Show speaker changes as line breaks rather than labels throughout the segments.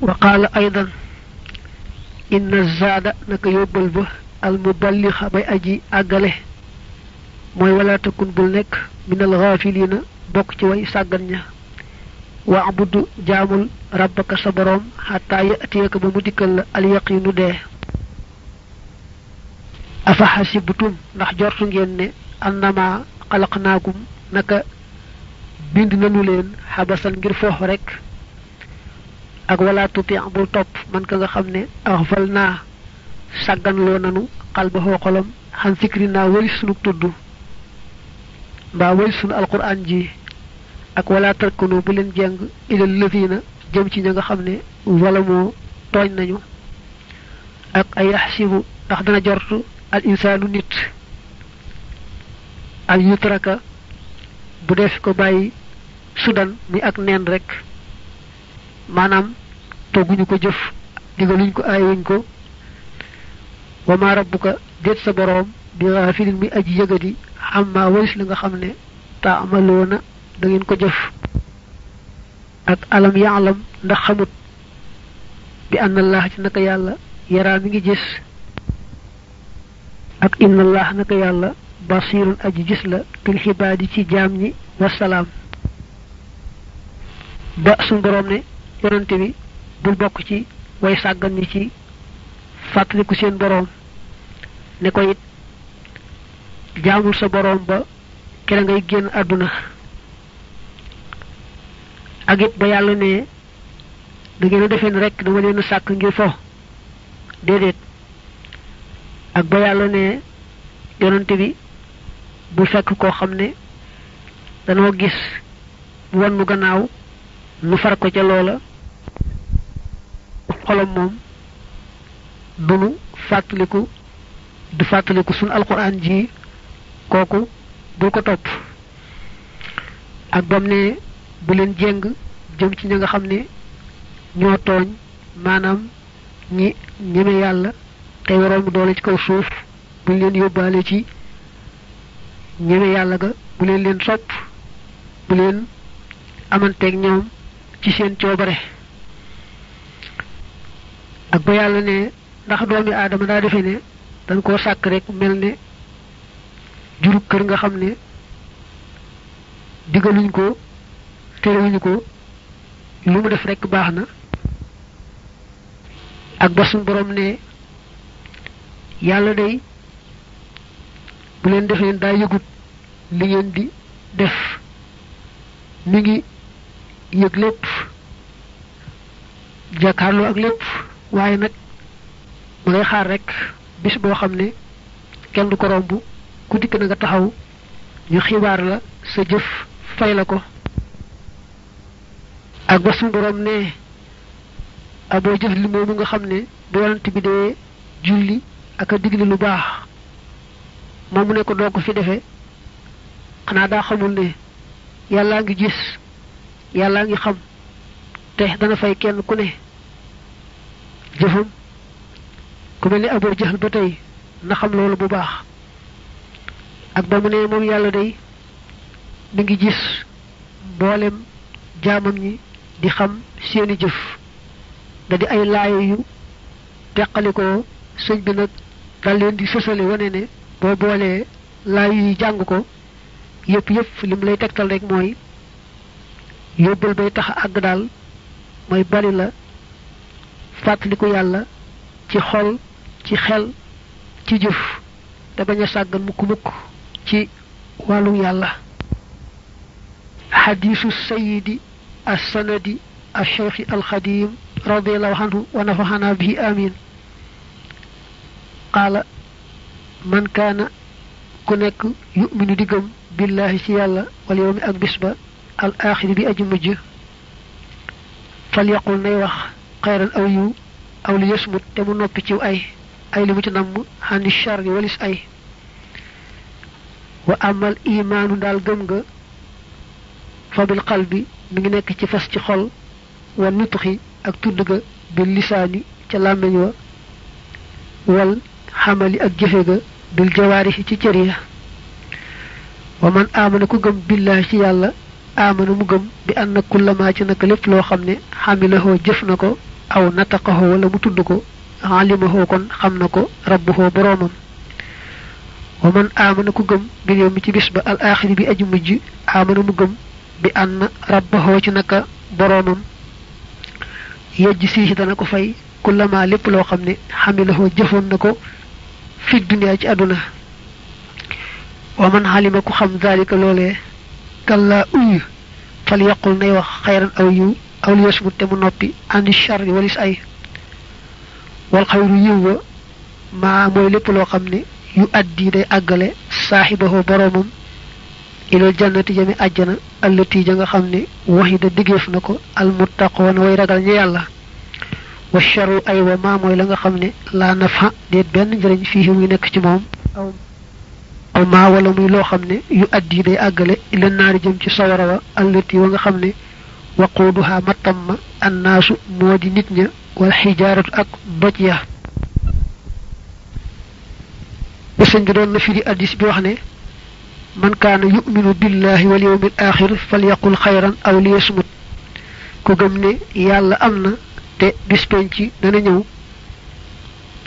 wa qaala aydan inna zaada naka yóbbal ba al muballixa bay aji àggale mooy wala takun bul nekk minal gaafiliina bokk ci way sàggan ña wa abudu jaamul rabbaka sa boroom xataa yatiyaka ba mu dikkal la al yaqiinu dee afa xasibtum ndax jortu ngeen ne annama xalaqnaakum naka bind nanu leen xabasan ngir foox rek ak wala tuti bul top man ka nga xamne aghfalna sagan lo nanu kalbo xolam han fikrina wari sunu tuddu ba wari sunu alquran ji ak wala takunu bu len jeng ila ladina jëm ci nga xamne wala mo togn nañu ak ay yahsibu tax dana jortu al insanu nit al yutraka bu def ko bayyi sudan mi ak nen rek manam toguñu ko jëf digaluñ ko ayuñ ko wa ma rabbuka det sa borom bi ghafilin mi aji yegadi amma walis li nga xamne ta amalona da ngeen ko jëf ak alam ya'lam ndax xamut bi anna allah ci naka yalla yara mi ngi gis ak inna allah naka yalla basirun aji gis la bil hibadi ci jamni wa wassalam ba sun borom ne yonante bi bul bokk ci way sàggan ni ci fàttaliku seen borom ne ko it jaamul sa borom ba kere ngay génn àdduna ak it ba yàlla ne da ngeen a defee rek dama leen sàkk ngir fo déedéet ak ba yàlla ne yonante bi bu fekk koo xam ne danoo gis wan mu gannaaw nu far ko ca loola xolam moom du nu fàttaliku du fàttaliku suñu alquran ji kooku bul ko topp ak bam ne bu leen jéng jëm ci ña nga xam ne ñoo tooñ maanaam ñi ñeme yàlla te waroon doole ci kaw suuf buñ leen yóbbaale ci ñeme yàlla ga bu leen leen sopp bu leen amanteeg ñoom ci seen coobare ak ba yàlla ne ndax doomi aadama daa defee ne dañ koo sàkk rek mel ne jurub kër nga xam ne digaluñ ko terewuñu ko lu mu def rekk baax na ak ba suñ borom ne yàlla day bu leen defee daa yëgut li ngeen di def mi ngi yëg lépp jàkkaarloo ak lépp waaye nag ma ngay xaar rek bis boo xam ne kenn du ko romb ku dikk na nga taxaw ñu xibaar la sa jëf fay la ko ak ba suñu borom ne aboo jëf li moomu nga xam ne bu yonent bi dee julli ak a digle lu baax moom mu ne ko doo ko fi defe xanaa daa xamul ne yàllaa ngi gis yàllaa ngi xam te dana fay kenn ku ne jëfam ku mel ni Abu Jahl ba tey na xam loolu bu baax ak ba mu ne moom yàlla day mi ngi gis mboolem jaamam ñi di xam seeni jëf da di ay laayo yu teqalikoo sëñ bi nag dal leen di sësale wane ne boo boolee laayo yi jàng ko yëpp yëpp lim lay tegtal rekk mooy yóbbal bay tax àgg daal mooy bari la fàttaliku yàlla ci xol ci xel ci jëf te bañ a sàggan mukk mukk ci wàllu yàlla xadiisu sayidi assanadi alcheikhi alxadim radiallahu anhu wa nafaxana bihi amin qaala man kaana ku nekk yuminu di gëm billahi ci yàlla wal yowmi ak bis ba al axiri bi aji mujj fal yaqul nay wax xayran aw yiw aw li yasmut te mu noppi ciw ay ay li mu ci namm xani charri walis ay wa amal imaanu daal gëm nga fa bil qalbi mi ngi nekk ci fas ci xol wa nutxi ak tudd ga bi lisaani ca làmmiñ wa wal xamali ak jëfe ga bil jawaarixi ci cër ya wa man aamana ku gëm billaahi ci yàlla amanu mu gëm bi anna kullama ci nak lepp lo xamne hamilahu jëf nako aw nataqahu wala mu tudd ko alimahu kon xam nako rabbuhu boromam wa man amana ku gëm bi yowmi ci bis al akhir bi aju mujj amana mu gëm bi anna rabbahu ci naka boromam yajji ci dana ko fay kullama lepp lo xamne hamilahu jëfon nako fi dunya ci aduna wa man halima ku xam zalika lolé kalla uñ fal yaqul nay wax xayran aw yiw aw li yasmut te mu noppi àndi charri walis ay wal xayru yiw wa maa mooy lépp loo xam ne yu addi day àggale saaxibahoo boroomam ilal jannati jami àjjana allati ja nga xam ne waxida digéef na ko almuttaqoona way ragal ña yàlla wa charu ay wa maa mooy la nga xam ne laa nafa déet benn njëriñ fii muy nekk ci moom aw maa wala muy loo xam ne yu addi day àggale ila naari jëm ci sawara wa allati wa nga xam ne waquuduha mattam ma annaasu moo di nit ña wal xijaaratu ak doj ya sëñ bi doon na firi addis bi wax ne man kaana yuminu billahi wal yawmil axir fal yaqul xayran aw ku gëm ne yàlla am na te bis penc dana ñëw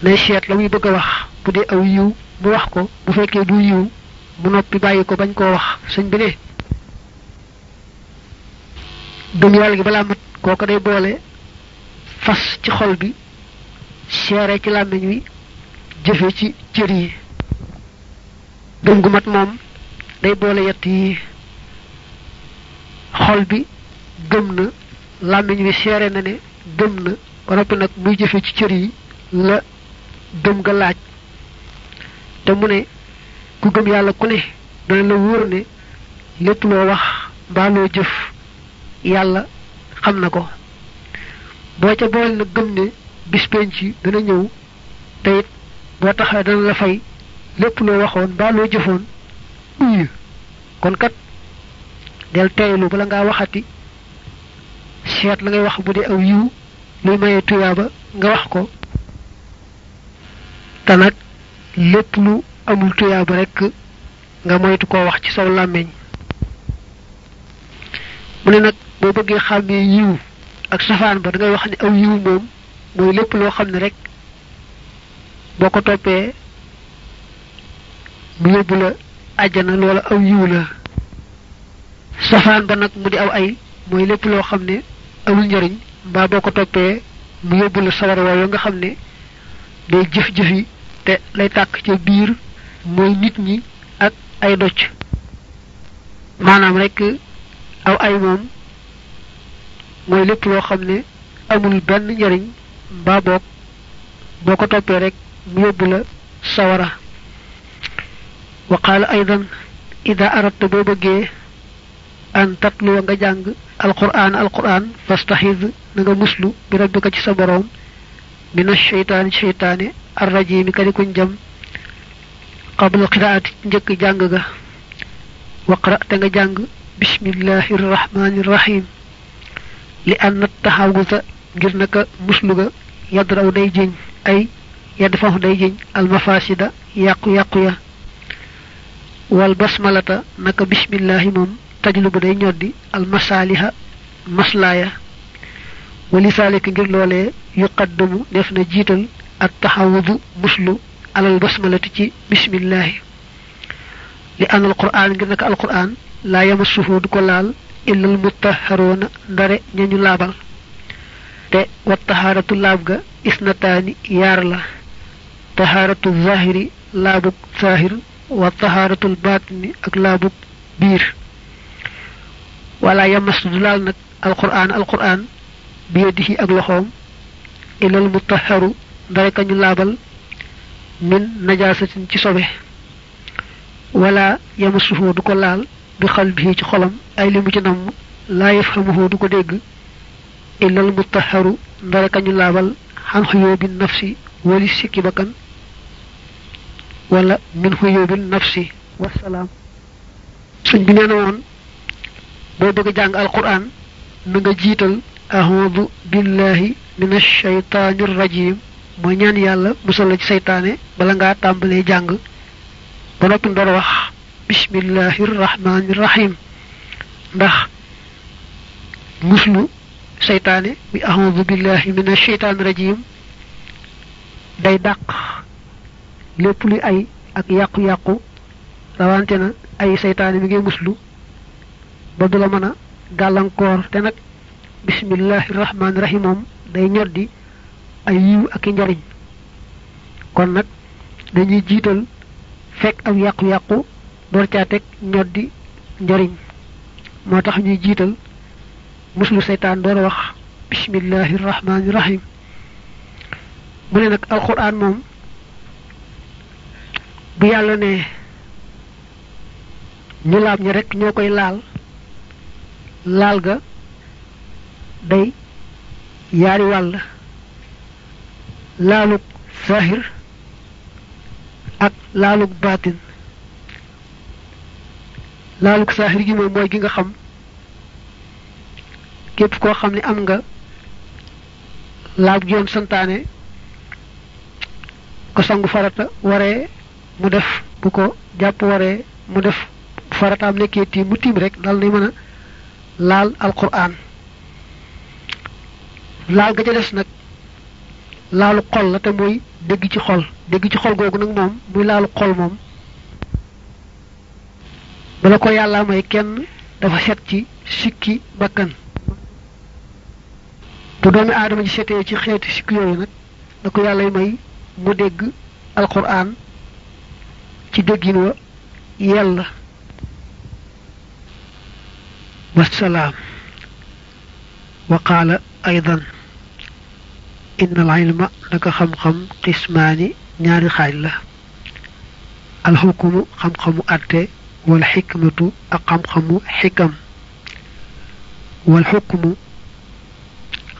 nay seet la muy bëgg a wax bu dee aw yiw mu wax ko bu fekkee du yiw bu noppi bàyyi ko bañ koo wax sëñ bi ne gëm yàlla gi balaa mat kooka day boole fas ci xol bi seere ci làmmiñ wi jëfe ci cër yi gëm gu mat moom day boole yett yi xol bi gëm na làmmiñ wi seere na ne gëm na ba noppi nag muy jëfe ci cër yi la gëm nga laaj te ne ku gëm yàlla ku ne dana la wóor ne lépp loo wax mbaa loo jëf yàlla xam na ko boo ca boole na gëm ne bis penc dana ñëw te it boo taxee dana la fay lépp loo waxoon mbaa jëfoon uy kon kat del teylu bala ngaa waxati seet la ngay wax bu dee aw yiw luy maye tuyaaba nga wax ko lépp lu amul tuyaaba rekk nga moytu ko wax ci saw làmmiñ mu ne nag boo bëggee xàmmee yiw ak safaan ba da ngay wax ne aw yiw moom mooy lépp loo xam ne rek boo ko toppee mu yóbbu la àjjana loola aw yiw la safaan ba nag mu di aw ay mooy lépp loo xam ne amul njariñ mbaa boo ko toppee mu yóbbu la sawar wooyu nga xam ne day jëf-jëfi te lay tàkk ca biir mooy nit ñi ak ay docc maanaam rek aw ay moom loo xam ne amul ben njariñ mbaa boog boo ko rek mu la sawara wa qaala aydan ida aradta boo bëggee an tatluwa nga jàng alquran alquran fastaxid na nga muslu bi rabbika ci sa boroom min asheytaani arrajimi kadi kuñ jëm qabla qiraati njëkk jàng ga waqra te nga jàng bismillahi irrahmani irrahim li anna taxawusa ngir naka muslu ga yadraw day jëñ ay yadfahu day jëñ almafasida yàqu-yàqu ya wal basmalata naka bismillahi moom tajlu day ñoddi almasaliha maslaaya wali saalik ngir loolee yuqaddamu def na jiital ak taxawudu muslu alal basmalati ci bismillah li an alquran ngir naka alquran la yamassuhu du ko laal illa almutahharuna ndare ñañu laabal te wa taharatu laab ga isnataani yaar la taharatu zahiri laabuk zahir wa taharatu batini ak laabuk biir wala yamassu du laal alquran alquran biyadihi ak loxoom illa almutahharu dara ka ñu laabal min najaasatin ci sobe wala yamsuhu du ko laal bi xalbihi ci xolam ay limu ci nam la yafhamuhu du ko dégg illa al mutahharu dara ka ñu laabal xam bi nafsi wali sikki bakan wala min bi nafsi wa wasalaam suñ bi neena woon boo bëgg jàng alquran na nga jiital أعوذ billahi من الشيطان الرجيم mooy ñaan yàlla musal la ci seytaane bala ngaa tàmbalee jàng ba noppi door wax bismillahi rahmaani ndax muslu seytaane bi ahmadu billahi min asheytaani day dàq lépp luy ay ak yàqu-yàqu rawante na ay seytaane mi ngay muslu ba du la mën a gàllankoor te nag bismillahi moom day ñor ay yiw ak i njariñ kon nag dañuy jiital fekk ak yàqu-yàqu door caa teg di njariñ moo tax ñuy jiital muslu seytaan door a wax bismillahi rahmaani rahim mu ne nag alquran moom bu yàlla ne ñu laab ñi rek ñoo koy laal laal ga day yaari wàll laalug zahir ak laalug baatin laalug zahir gi moom mooy gi nga xam képp koo xam ni am nga laab yoon santaane ko sangu farata waree mu def bu ko jàpp waree mu def farataam nekkee tiim mu tiim rek dal nay mën a laal alquran laal ga ca des nag laalu xol la te mooy dégg ci xol dégg ci xol googu nag moom muy laalu xol moom bala ko yàlla may kenn dafa set ci sikki bakkan bu doomi aadama ci setee ci xeeti sikki yooyu nag da ko yàlla may mu dégg alquran ci déggin wa yàlla wasalaam wa qaala aydan إن العلم لك خم خم قسماني نار خيلة الحكم خم خم أرد والحكمة أقم خم حكم والحكم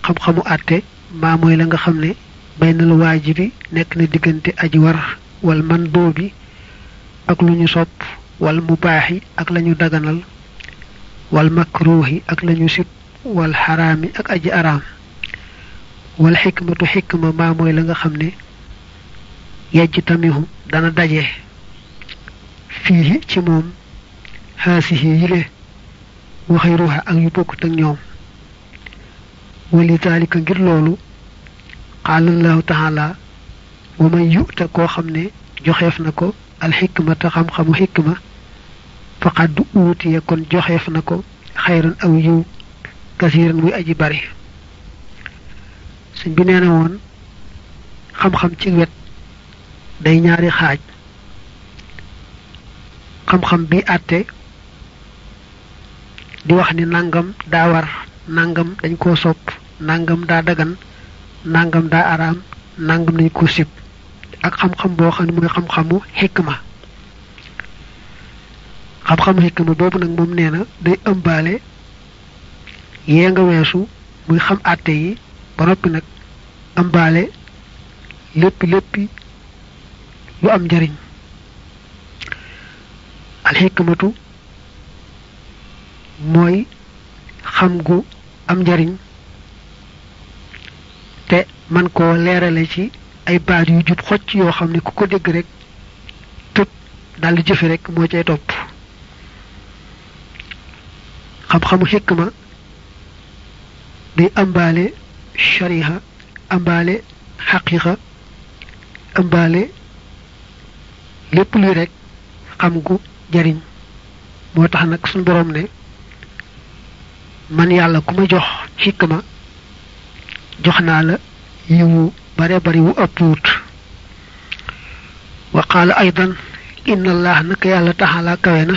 خم خم أرد ما ميلنغ خمني بين الواجب نكن ديغنتي اجوار والمندوب اك لونو صوب والمباح اك لانيو دغانال والمكروه اك لانيو سيب والحرام اك اجي ارام والحكمة حكمة ما موي لغا خمني يجتمعهم دانا داجي فيه تي موم هاسيه يله وخيروها اك يو بوك تك نيوم ولذلك غير لولو قال الله تعالى ومن يؤت كو خمني جوخيف نكو الحكمة خم خم حكمة فقد اوتي كون جوخيف نكو خيرا او يو كثيرا وي اجي باري sëñ bi nee na woon xam-xam ci wet day ñaari xaaj xam-xam bi àtte di wax ni nangam daa war nangam dañ koo sopp nangam daa dagan nangam daa araam nangam dañ ko sib ak xam-xam boo xam ne mooy xam-xamu xikma xam-xamu xikma boobu nag moom nee na day ëmbaale yee nga weesu muy xam àtte yi ba noppi nag ambaale lépp léppi lu am njariñ alxikmatu mooy xam gu am njariñ te man koo leerale ci ay baat yu jub xocc yoo xam ne ku ko dégg rek tëb daldi jëfe rek moo cay topp xam-xamu ma day ambaale shariha ambaale xaqiqa ambaale lépp luy rek xam gu jariñ moo tax nag suñu borom ne man yàlla ku ma jox xikma jox naa la yiwu bare bari wu ëpp wut wa qaala aydan inna allah naka yàlla taxalaa kawe na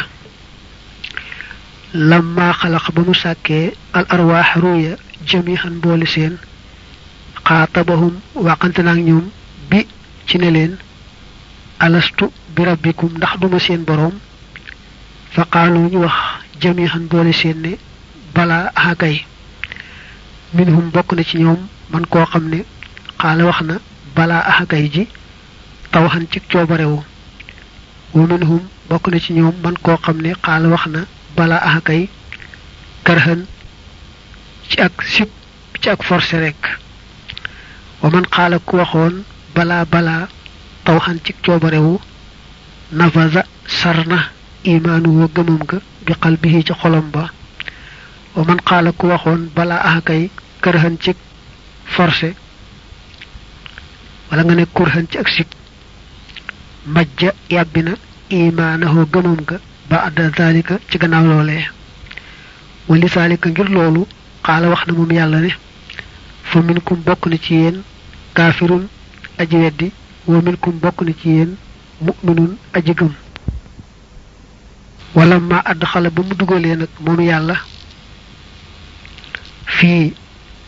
lamma xalaq ba mu sàkkee al arwaax ruuya jamihan boole seen xaatabahum waxante naa ak ñoom bi ci ne leen alastu bi rabbikum ndax duma seen boroom fa qaalu ñu wax jamihan boole seen ne balaa akay minhum bokk na ci ñoom man koo xam ne xaala wax na balaa akay ji tawxan ci coobarewu wa minhum bokk ci ñoom man koo xam ne wax na balaa akay karhan ci ak sib ci ak forcé rekk wa man xaala ku waxoon balaa balaa taw xan ci coobarewu nafaza sar na imaanu wa gëmam ga bi xal bi ci xolom ba wa man xaala ku waxoon balaa axakay ah kër xan ci forcé wala nga ne kur xan ci ak sib majja yàbbi na imaanahoo gëmam ga ba adda zaalika ci gannaaw loolee wali zaalika ngir loolu xaala wax na moom yàlla ne fa min kum bokk na ci yéen kafirun aji weddi wa minkum bokk na ci yéen mu'minun aji gëm wala ma àdd xale ba mu dugalee nag moom yàlla fii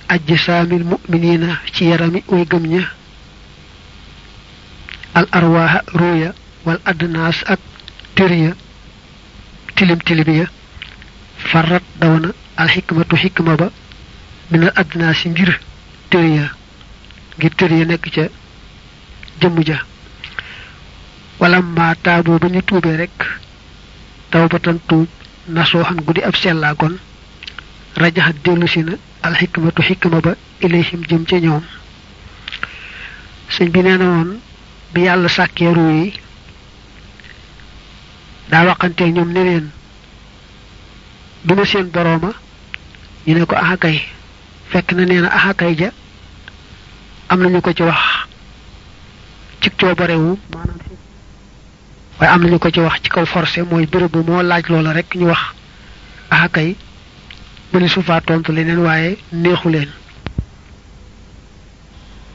ajj saamil mu'minina ci yarami way gëm ña al arwaaha ruuya wal adnaas ak tëriya tilim tilimiya farat dawana al xikmatu xikma ba min al adnaasi mbir tëriya ngir cër ya nekk ca jëmm ja wala ma taabu ba ñu tuube rek tawbatan tuub nasoo xam guddi ab sellaa kon rajaxa dellusi na alxikmatu xikma ba ilayhim jëm ca ñoom sëñ bi nee na woon bi yàlla sàkkee yi daa waxante ñoom ne leen bi seen borooma ñu ne ko axakay fekk na nee na axakay ja am nañu ko ci wax ci nañu ko ci wax ci kaw force mooy béréb moo laaj loola rekk ñu wax ah kay mëni su faa tontu leneen waaye neexu leen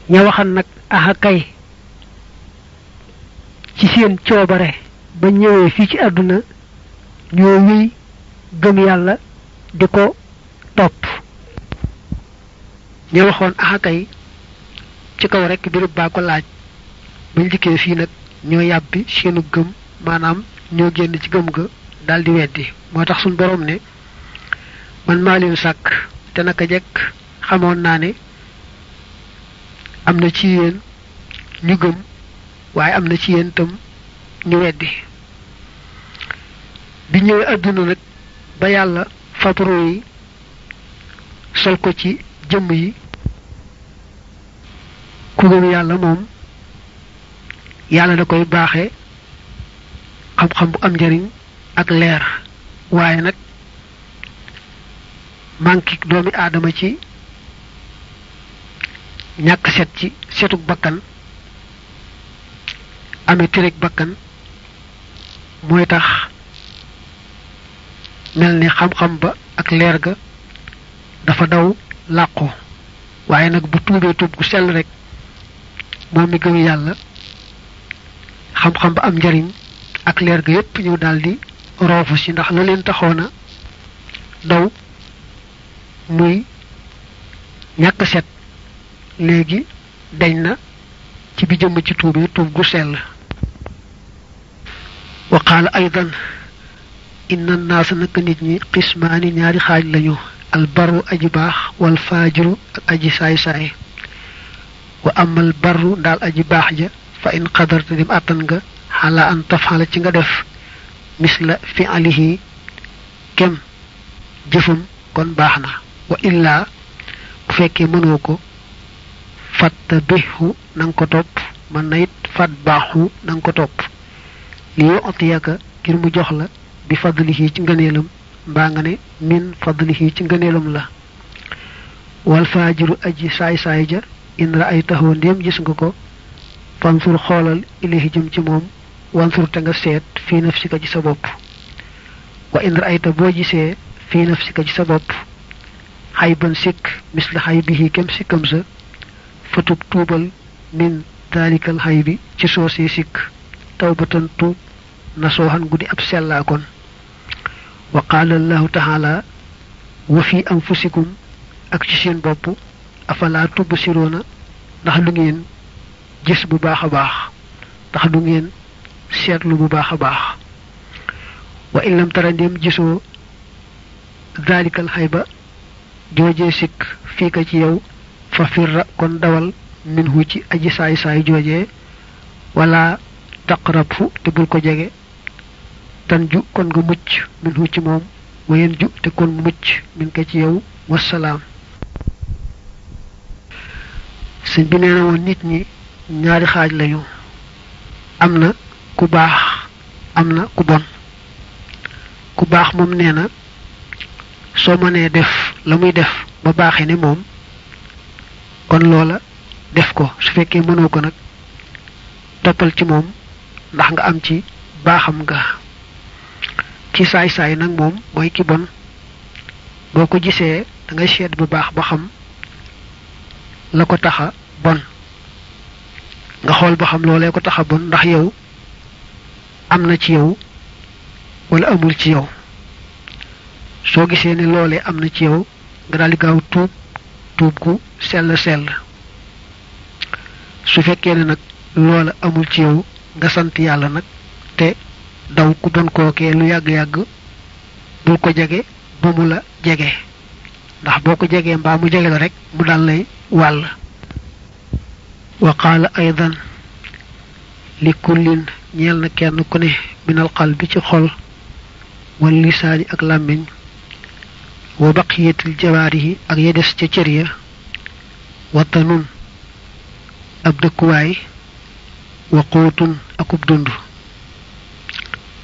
ña waxan nag ah kay ci seen coobare ba ñëwee fii ci àdduna ñoo wéy gëm yàlla di ko topp ña waxoon ah kay ci kaw rek birub baa ko laaj buñ dikkee fii nag ñoo yàbbi seenu gëm maanaam ñoo génn ci gëm ga daal weddi moo tax suñ boroom ne man maa leen sàkk te naka jekk xamoon naa ne am na ci yéen ñu gëm waaye am na ci yéen itam ñu weddi bi ñëwee àdduna nag ba yàlla fabro yi sol ko ci jëmm yi ku gëm mom moom yàlla da koy baxé xam-xam bu am njariñ ak lèr wayé nak manki doomi adama ci ñak set ci setuk bakkan amé tirek bakkan moy tax melni xam-xam ba ak lèr ga dafa daw làqu waaye nak bu tuubee tuub gu sel rek moom mi gëm yàlla xam-xam ba am njariñ ak leer ga yépp ñu daldi roofu si ndax la leen taxoona daw muy ñàkk set léegi dañ na ci bi jëmm ci tuubee tuub gu sell wa qaala aydan inna naasa naka nit ñi xismaani ñaari xaaj lañu albaru aji baax wal faajiru ak aji saay saay wa amal barru dal aji bax fa in qadarta dim atan nga hala an tafala ci nga def misla fi alihi kem jëfum kon baxna wa illa bu fekke mëno ko nang ko top man nayit fatbahu nang ko top li yu'tiyaka kir mu jox la bi fadlihi ci ba nga ne min fadlihi ci ngeenelam la wal fajiru aji say say ay ra'aytahu ndéem gis nga ko fansur xoolal ilayhi jëm ci moom wansur te nga seet fii nafsika ci sa bopp wa in ra'ayta boo gisee fii nafsika ci sa bopp xayban sikk misla xaybihi kem sikkam sa fatub tuubal min daalikal xay bi ci soosee sikk tawbatan tuub nasooxan guddi ab sellaakoon wa qaala allahu taala wa fi anfusikum ak ci seen bopp afalaa tubb siroona ndax du ngeen gis bu baax a baax ndax du ngeen seetlu bu baax a baax wa in lam tara ndéem gisoo daalikal xayba joojee sikk fii ka ci yow fa firra kon dawal minhu ci aji saay saay joojee wala taqrabhu te bul ko jege tan ju kon nga mucc minhu ci moom wayeen ju te kon mucc min ka ci yow wassalaam sëñ bi nee na woon nit ñi ñaari xaaj lañu am na ku baax am na ku bon ku baax moom nee na soo mënee def la muy def ba baaxee ne moom kon loola def ko su fekkee mënoo ko nag toppal ci moom ndax nga am ci baaxam nga ci saay saay nag moom mooy ki bon boo ko gisee da ngay seet bu baax ba xam la ko taxa bon nga xool ba xam loolee ko taxa bon ndax yow am na ci yow walla amul ci yow soo gisee ne loolee am na ci yow nga daal gaaw tuub tuub gu sell sell su fekkee ne nag loola amul ci yow nga sant yàlla nag te daw ku bon kookee lu yàgg-yàgg bul ko jege ba mu la jege ndax boko jégué mba mu jege rek bu dal lay wal wa qala aydan li kullin ñel na kenn ku ne min al qalbi ci xol wal lisani ak lamiñ wa al jawarih ak yedes ci cër wa tanun ab dëkkuwaay wa qutun akub dundu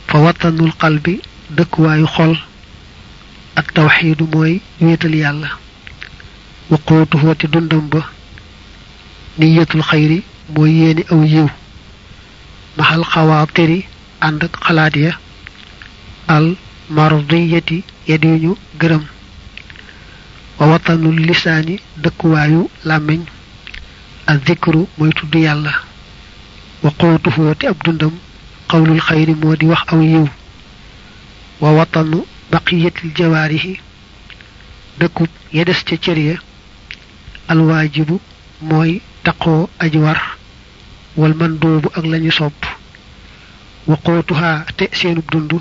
fa watanul qalbi dekuwayu xol ak tawxiidu mooy wéetal yàlla waqootu wooti dundam ba niyatul xayri mooy yéeni aw yiw maxal xawaatiri ànd xalaat ya al mardiyati yadiñu gërëm wa watanul lisaani dëkkuwaayu làmmiñ al zikru mooy tudd yàlla waqootu wooti ab dundam xawlul xayri moo di wax aw yiw wa watanu baqiyatul jawarihi dëkkub ya des ca cër ya alwaajibu mooy taqoo aji war wal mandoobu ak lañu sopp waqootuhaa te seenub dund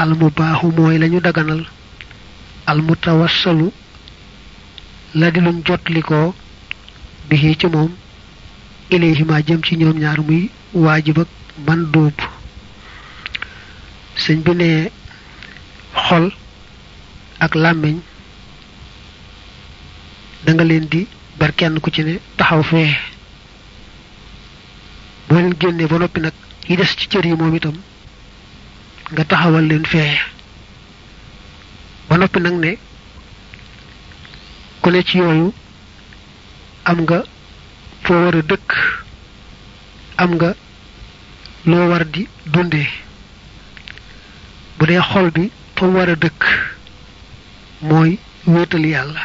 almubaaxu mooy lañu daganal almutawassalu la di luñ jotlikoo bihi ci moom ilayhima jëm ci ñoom ñaar muy waajib ak mandoob sëñ bi ne xol ak làmmiñ danga leen di bar kenn ku ci ne taxaw fee boo leen génnee ba noppi nag yi des ci cër yi moom itam nga taxawal leen fee ba noppi nag ne ku ne ci yooyu am nga foo war dëkk am nga loo war di dundee bu dee xol bi fa mu war a dëkk mooy wéetal yàlla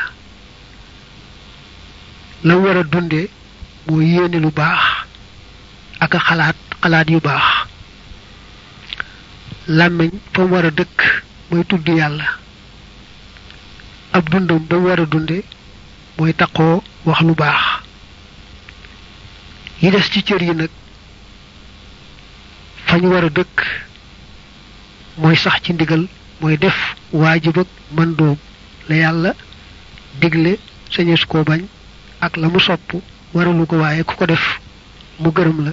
la mu war a dunde mooy yéene lu baax ak a xalaat xalaat yu baax làmmiñ fa mu war a dëkk mooy tudd yàlla ab dundam ba mu war a dunde mooy taqoo wax lu baax yi des ci cër yi nag fa ñu war a dëkk mooy sax ci ndigal mooy def waajib ak mandóob la yàlla digle sañees koo bañ ak la mu sopp waralu ko waaye ku ko def mu gërëm la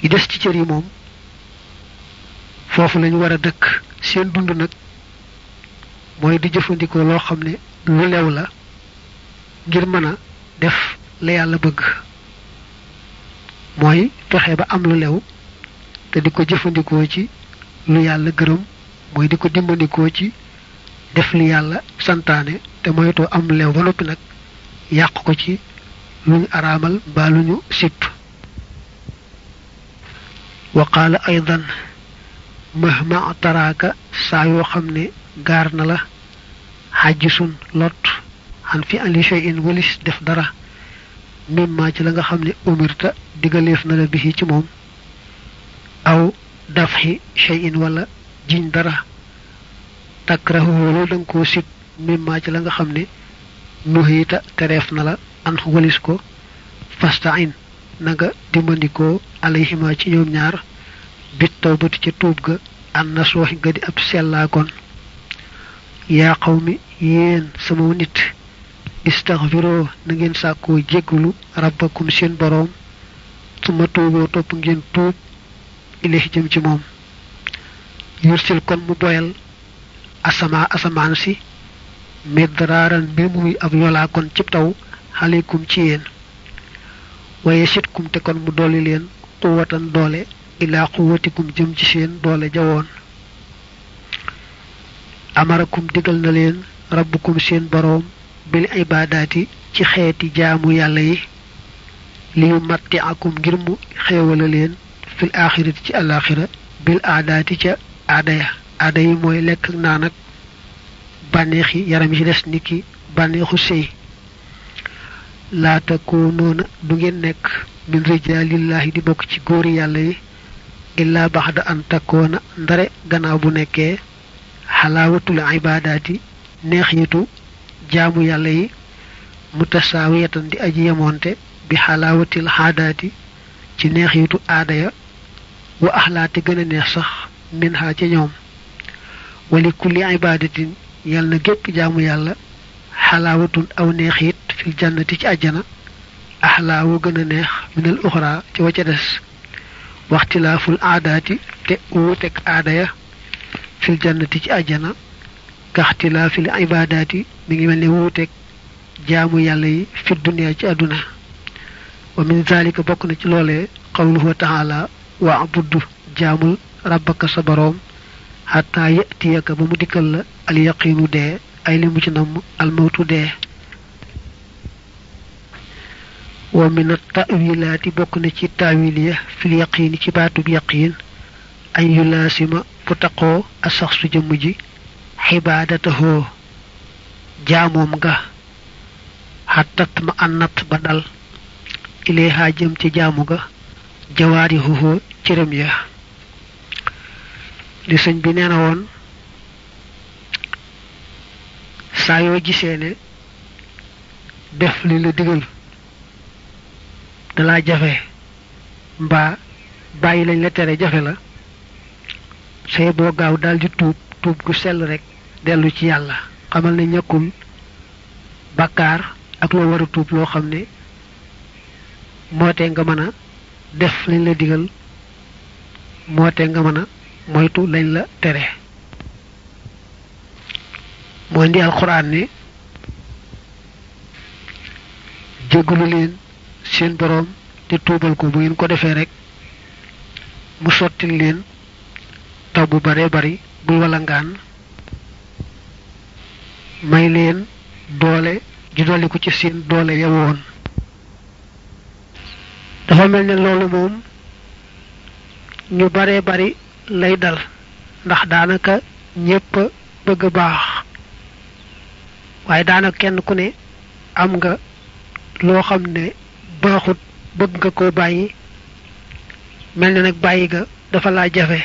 yi des ci cër yi moom foofu lañu war a dëkk seen dund nag mooy di jëfandikoo loo xam ne lu lew la ngir mën a def la yàlla bëgg mooy fexe ba am lu lew te di ko jëfandikoo ci lu yàlla gërëm mooy di ko dimbandikoo ci def li yàlla santaane te moytoo am lew ba nag yàq ko ci lu ñu araamal mbaa lu ñu sipp wa qaala aydan mahma taraaka saa yoo xam ne gaar na la xaajisun lot xan fi ali shay'in walis def dara mimma ci la nga xam ne umirta digaleef na la bi ci moom aw dafxi shay'in wala jiñ dara takrahu loolu da nga koo sib mimma la nga xam ne nuhiita tereef na la an walis ko fastain na nga dimbandikoo alayhima ci ñoom ñaar bit tawbati ca tuub ga an na sooxi nga di ab sellaakoon yaa xaw mi yéen sama nit istaxfiroo na ngeen sàkkoo jéggulu rabbakum seen boroom suma tuuboo topp ngeen tuub ilahi jëm ci moom yursil kon mu boyal asama asamaan si midraaran mbir muy ab yolaa kon ci taw xaleekum ci yéen waye sitkum te kon mu dolli leen quwatan doole ila quwatikum jëm ci seen doole jawoon amarakum digal na leen rabbukum seen boroom bil ibadaati ci xeeti jaamu yàlla yi li matti akum ngir mu xeewala leen fil axirati ci alaxira bil aadaati ca aada aada yi mooy lekk naa nag ak bànneexi yaram yi ci des niki bànneexu sëy laata ko noona du ngeen nekk min rijaalillahi di bokk ci góor yàlla yi illaa baxda an ndare gannaaw bu nekkee xalaawatul ibaadaati neex yitu jaamu yàlla yi mutasaawiyatan di aji yemoonte bi xalaawatil xaadaati ci neex yitu aada ya wa axlaate gën neex sax منها ha ca ñoom wali kulli ibadatin yal na gépp jaamu yàlla xalaawatun aw neexit fil jannati ci àjjana axlaa wo gën a neex minal uxra ci wa ca des waxtilaaful aadaati te wuutek aada ya fil jannati ci àjjana kaxtilaafil ibadaati mi ngi mel ne wuutek jaamu yàlla yi fi duniya ci àdduna wa min zalika bokk na ci loolee qawluhu taala wa abuddu jaamul rabbaka sa borom hatta yatiyaka ba mu dikkal la al yaqinu de ay limu ci nam al mawtu de wa min at ta'wilati bokku na ci ta'wiliya fil yaqini ci batu yaqin ay yulasima bu taqo asaxsu jëm ji hibadatahu jaamom ga hatat ma annat badal ilayha jëm ci jaamu ga jawarihu cërem ya li sëñ bi nee na woon saa yoo gisee ne def li la digal dalaa jafe mbaa bàyyi lañ la tere jafe la say boo gaaw daldi tuub tuub gu sell rekk dellu ci yàlla xamal na ñàkkul bàkkaar ak loo war tuub loo xam ne moo te nga mën a def lañ la digal moo te nga mën a moytu lañ la tere mooy ndi alxuraan ni jéggalu leen seen boroom te tuubal ko bu ngeen ko defee rek mu sotti leen taw bu baree bari buy walangaan may leen doole ju ci seen doole ya dafa mel ne loolu moom ñu baree bari lay dal ndax daanaka ñépp bëgg baax waaye daanaka kenn ku ne am nga loo xam ne baaxut bëgg nga ko bàyyi mel na nag bàyyi ga dafa laa jafe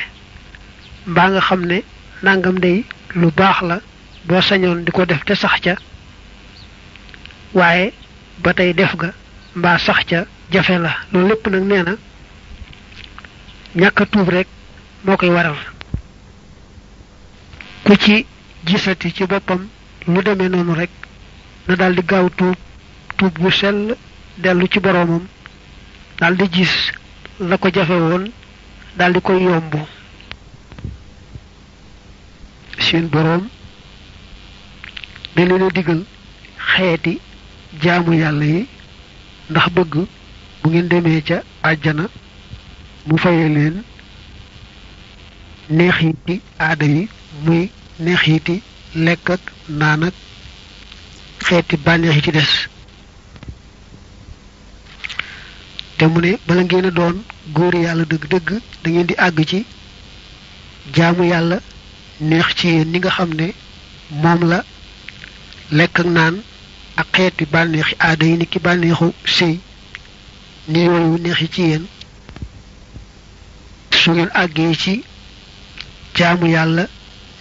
mbaa nga xam ne nangam day lu baax la boo sañoon di ko def te sax ca waaye ba tey def ga mbaa sax ca jafe la loolu lépp nag nee na ñàkk a tuub rek moo koy waral ku ci jisati ci boppam lu deme noonu rekk na daal di gaaw tuub tuub bu sell dellu ci boroomam daldi gis la ko jafe woon daal koy yomb seen boroom da leen digal xeeti jaamu yàlla yi ndax bëgg bu ngeen demee ca àjjana mu faye leen neexiti yi muy neexiti lekk ak naan ak yi ci des te mu ne bala ngeen doon góor yàlla dëgg-dëgg da di àgg ci jaamu yàlla neex ci yéen ñi nga xam ne moom la lekk ak naan ak xeeti bànneexi aada yi ni ki bànneexu sëy ni yooyu neexi ci yéen su ngeen àggee ci jaamu yàlla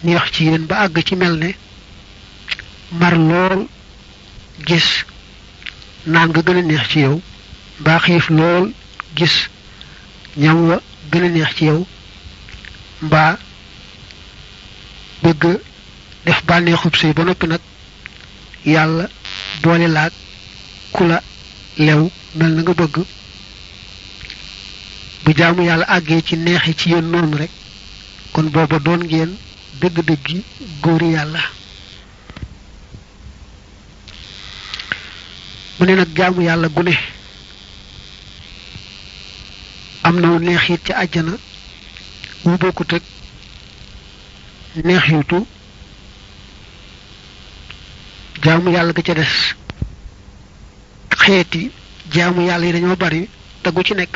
neex ci yéen ba àgg ci mel ne mar lool gis naan nga gën a neex ci yow mbaa xiif lool gis ñam wa gën a neex ci yow mbaa bëgg def bànneexub sëy ba noppi nag yàlla boole laag ku la lew mel na nga bëgg bu jaamu yàlla àggee ci neexi ci yoon noonu rekk kon booba doon ngeen dëgg-dëggi góori yàlla mu ne nag jaamu yàlla gune am na neex it ci àjjana wu bokkut ak neex yutu jaamu yàlla ga ca des xeeti jaamu yàlla yi dañoo bari te ci nekk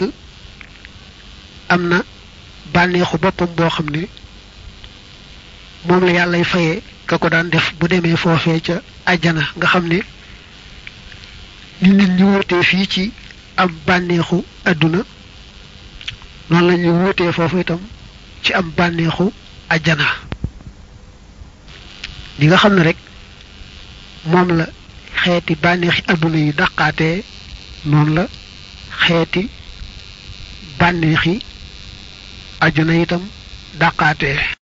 am na bànneexu boppam boo xam ne moom la yàllay fayee ka ko daan def bu demee foofee ca àjjana nga xam ne ni nit ñi wutee fii ci am bànneexu àdduna noonu la ñuy wutee foofu ci am bànneexu àjjana li nga xam ne rek moom la xeeti bànneexi àdduna yi daqaatee noonu la xeeti bànneexi ajuna itam dàqaatee